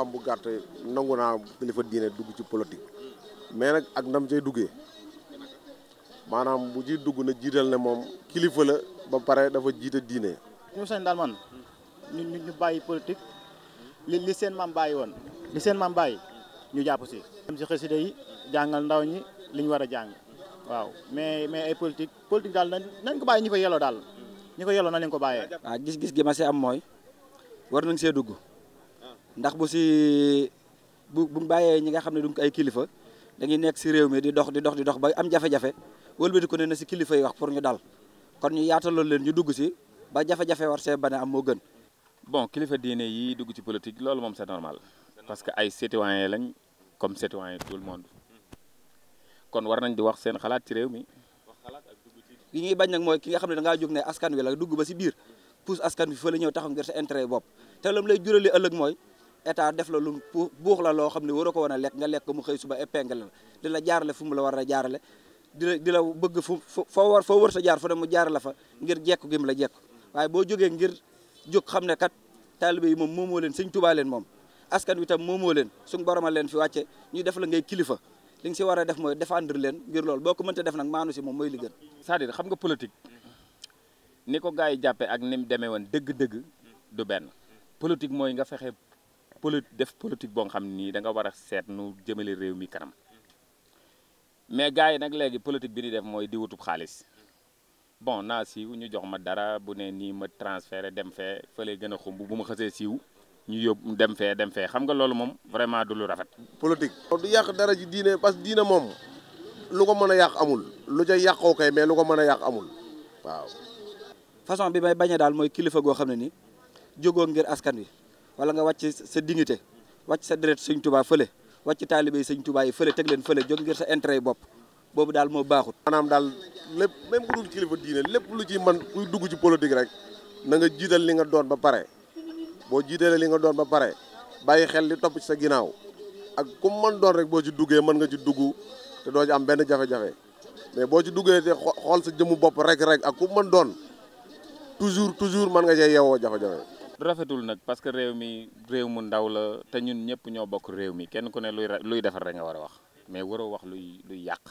xam bu gàtt nangu naa kilifa diine dugg ci politique mais nag ak ndam cay duggee maanaam bu ji dugg na jiital ne moom kilifa la ba pare dafa jiite diine. ñu sañ daal man ñu ñu bàyyi politique li li seen maam bàyyi woon li seen maam bàyyi ñu jàpp si. dem si xasida jàngal ndaw ñi li ñu war a jàng waaw mais mais ay politique politique daal nañ nañ ko bàyyi ñu ko yelloo daal ñu ko yelloo na leen ko bàyyee. waaw ah, gis-gis gi ma see am mooy war nañ see dugg. ndax bu si bu bu ñi nga xam ne du ay kilifa dañuy nekk si réew mi di dox di dox di dox ba am jafe-jafe wëlbati ko ne na si kilifa yi wax pour ñu dal kon ñu lool leen ñu dugg si ba jafe-jafe war see bane am moo gën. bon kilifa diine yi dugg ci politique loolu moom c'est normal parce que ay citoyen lañ comme citoyen tout le monde kon war nañ di wax seen xalaat ci réew mi. li ñuy bañ nag mooy ki nga xam ne da ngaa ne askan wi la dugg ba si biir pousse askan wi fa ñëw taxaw ngir sa intérêt bopp te lam lay jurali ëllëg mooy. état def la lu buux la loo xam ne war a ko woon a lekk nga lekk mu xëy suba épingle la di la jaarale fu mu la war a jaarale di la di la bëgg fu foo war foo war sa jaar fu ne mu jaar la fa ngir jekk gi la jekk waaye boo jógee ngir jóg xam ne kat taalibe yi moom moomoo leen Sëñ Tuubaa leen moom askan wi tam moomoo leen suñu boroma leen fi wàcce ñu def la ngay kilifa li nga si war a def mooy défendre leen ngir loolu boo ko mënta def nag maanu si moom mooy li gën cest à xam nga politique ni ko gars jàppee ak ni mu demee woon dëgg-dëgg du benn politique mooy nga fexe poli def politique boo xam nii da war a seet nu jëmale réew mi kanam mais gars yi nag léegi politique bi ñuy def mooy di wutub xaalis bon naa siiw ñu jox ma dara bu nee nii ma transféré dem fee fële gën a xumb bu ma xasee siiw ñu yóbbu dem fee dem fee xam nga loolu moom vraiment du lu rafet. politique. du yàq dara ci diine parce que diine moom lu ko mën a yàq amul lu ca yàqoo kay mais lu ko mën a yàq amul waaw. façon bi may bañ a daal mooy kilifa goo xam ne nii jógoo ngir askan wi. wala nga wàcc sa dignité wàcc sa deret sëñ tubaa fële wàcc taalibe yi sëñ tubaa yi fële teg leen fële jóg ngir sa intérêt yi bopp boobu daal moo baaxut maanaam daal lépp même ku dul kilifa diine lépp lu ci man kuy dugg ci politique rek na nga jiital li nga doon ba pare boo jiitalee li nga doon ba pare bàyyi xel li topp ci sa ginnaaw ak ku mën doon rek boo ci duggee mën nga ci dugg te doo ci am benn jafe-jafe mais boo ci duggee te xool sa jëmu bopp rek rek ak ku mën doon toujours toujours mën nga cee yeewoo jafe rafetul nag parce que réew mi réew mu ndaw la te ñun ñëpp ñoo bokk réew mi kenn ku ne luy luy defar rek war a wax mais waroo wax luy luy yàq